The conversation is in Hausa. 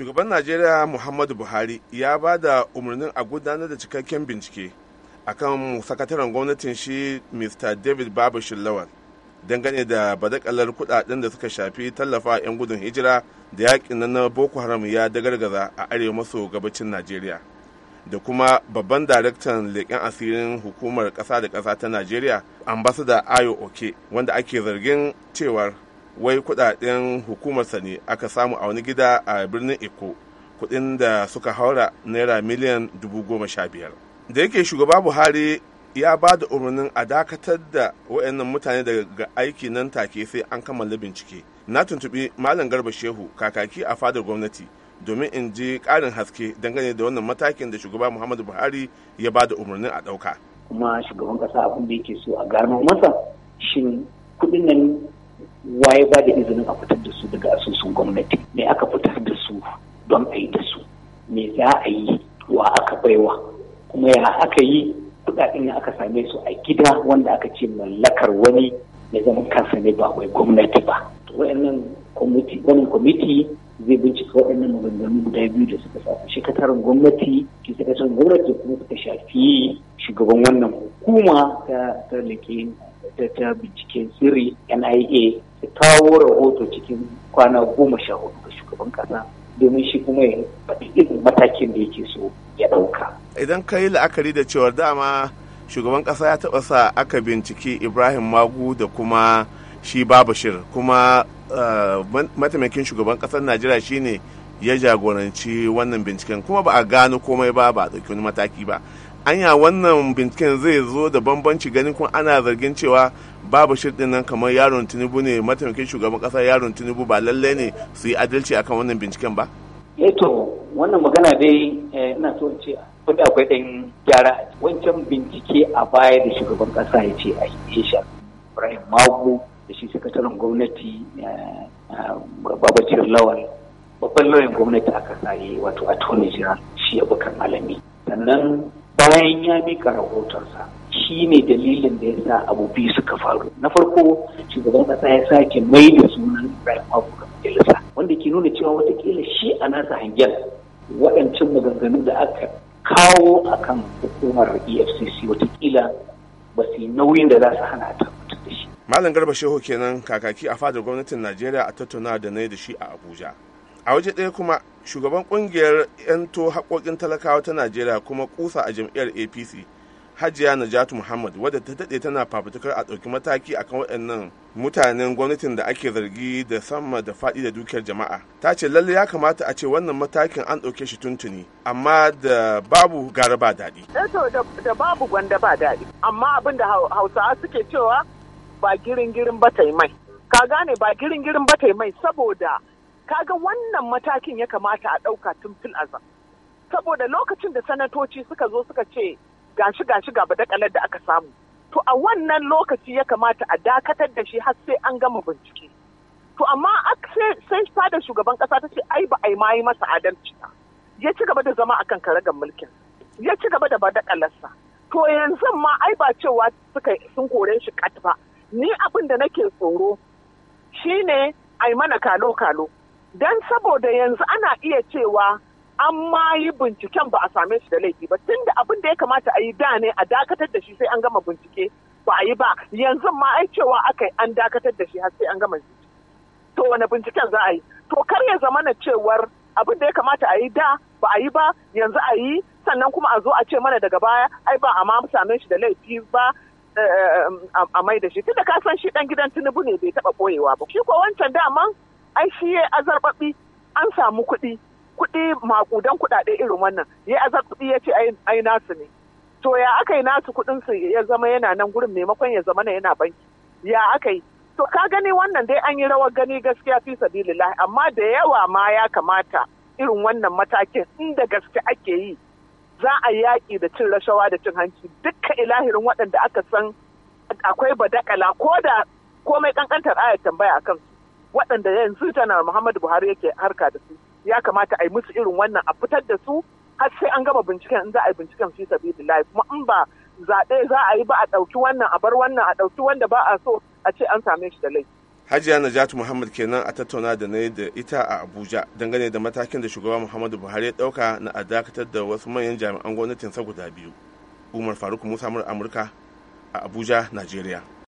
shugaban najeriya muhammadu buhari ya ba da umarnin a gudanar da cikakken bincike akan sakataren gwamnatin shi mr david babu shillawar dangane da badakalar kudaden da suka shafi tallafa 'yan gudun hijira da yakin na boko haram ya dagargaza a arewa maso gabacin najeriya da kuma babban daraktan leƙen asirin hukumar ƙasa da ƙasa ta najeriya ambasada ayo oke wanda ake zargin cewar wai kudaden hukumarsa ne aka samu a wani gida a birnin eko kudin da suka haura naira miliyan dubu goma sha biyar da yake shugaba buhari ya ba da umarnin a dakatar da wayannan mutane daga aiki nan take sai an kammala bincike na tuntubi malam garba shehu kakaki a fadar gwamnati domin in ji karin haske dangane da wannan matakin da shugaba muhammadu buhari ya ba da umarnin a ɗauka kuma shugaban kasa abin da yake so a gano masa shin kuɗin nan waye ba da izinin a fitar da su daga asusun gwamnati me aka fitar da su don a yi da su me za a yi wa aka baiwa kuma ya aka yi kudaden da aka same su a gida wanda aka ce mallakar wani mai zaman kansa ne ba wai gwamnati ba wayannan kwamiti wannan kwamiti zai bincika waɗannan maganganu guda biyu da suka shafi shekatarin gwamnati ke sakataren gwamnati kuma suka shafi shugaban wannan hukuma ta ta ta binciken sirri nia kawo rahoto cikin kwana goma sha hudu ga shugaban kasa domin shi kuma ya irin matakin da yake so ya ɗauka. Idan ka yi la'akari da cewar dama shugaban kasa ya taɓa sa aka binciki Ibrahim Magu da kuma shi Babashir kuma eh, mataimakin shugaban ƙasar Najeriya shine ya jagoranci wannan binciken kuma ba a gano komai ba ba a ɗauki wani mataki ba. anya wannan binciken zai zo da bambanci ganin kun ana zargin cewa babu shirɗin nan kamar yaron tinubu ne mataimakin shugaban kasa yaron tinubu ba lallai ne su yi adalci akan wannan binciken ba eto eh wannan magana dai eh, ina so in ce akwai ɗan gyara wancan bincike a baya da shugaban kasa ya ce a yi ibrahim magu da shi sakataren gwamnati eh, babacir lawal babban lauyan gwamnati a yi, wato attorney general shi abokan alami sannan bayan ya mika rahotonsa shi ne dalilin da ya sa abu biyu suka faru na farko shugaban kasa ya sake mai da sunan ibrahim abu ga majalisa wanda ke nuna cewa watakila shi a nasa hangen waɗancan maganganun da aka kawo akan hukumar efcc watakila ba su yi nauyin da za su hana ta da shi malam garba shehu kenan kakaki a fadar gwamnatin najeriya a tattauna da na da shi a abuja a waje ɗaya kuma shugaban ƙungiyar 'yanto haƙoƙin talakawa ta najeriya kuma ƙusa a jam'iyyar apc hajiya najatu muhammad wadda ta daɗe tana fafutukar a ɗauki mataki akan waɗannan mutanen gwamnatin da ake zargi da sama da faɗi da dukiyar jama'a ta ce lalle ya kamata a ce wannan matakin an ɗauke shi tuntuni amma da babu gara ba daɗi. Eh da babu gwanda ba daɗi amma abin da hausawa suke cewa ba girin girin ba ta mai ka gane ba girin girin ba ta mai saboda kaga wannan matakin ya kamata a ɗauka tun fil azam saboda lokacin da sanatoci suka zo suka ce gashi gashi ga badakalar da aka samu to a wannan lokaci ya kamata a dakatar da shi har sai an gama bincike to amma sai fada shugaban ƙasa ta ce ai ba a yi ma yi masa adalci ba ya ci gaba da zama a akan karagar mulkin ya ci gaba da badakalarsa to yanzu ma ai ba cewa suka sun kore shi kat ba ni abin da nake tsoro shine ai mana kalo kalo don saboda yanzu ana iya cewa an ma yi binciken ba a same shi da laifi ba tun da abin da ya kamata a yi da ne a dakatar da shi sai an gama bincike ba a yi ba yanzu ma ai cewa aka yi an dakatar da shi har sai an gama bincike to wani binciken za a yi to kar ya zama na cewar abin da ya kamata a yi da ba a yi ba yanzu a yi sannan kuma a zo a ce mana daga baya ai ba a ma same shi da laifi ba eh, eh, eh, a mai da shi tunda ka san shi dan gidan tinubu ne bai taba boyewa ba shi ko wancan daman ai shi ya azarbaɓi an samu kuɗi kuɗi makudan kuɗaɗe irin wannan ya azarbaɓi ya ce ai nasu ne to ya aka yi nasu kuɗin su ya zama yana nan gurin maimakon ya zama na yana banki ya aka yi to ka gani wannan dai an yi rawar gani gaskiya fi sabilillah amma da yawa ma ya kamata irin wannan matakin inda gaske ake yi za a yaƙi da cin rashawa da cin hanci Dukka ilahirin waɗanda aka san akwai badakala ko da komai ƙanƙantar ayar tambaya a kansu. waɗanda yanzu tana Muhammadu Buhari yake harka da su ya kamata a yi musu irin wannan a fitar da su har sai an gama binciken in za a yi binciken fi sabilillahi kuma in ba zaɓe za a yi ba a ɗauki wannan a bar wannan a ɗauki wanda ba a so a ce an same shi da laifi. Hajiya Najatu Muhammad kenan a tattauna da na da ita a Abuja dangane da matakin da shugaba Muhammadu Buhari ya ɗauka na a dakatar da wasu manyan jami'an gwamnatin sa guda biyu. Umar Faruk Musa Amurka a Abuja, Najeriya.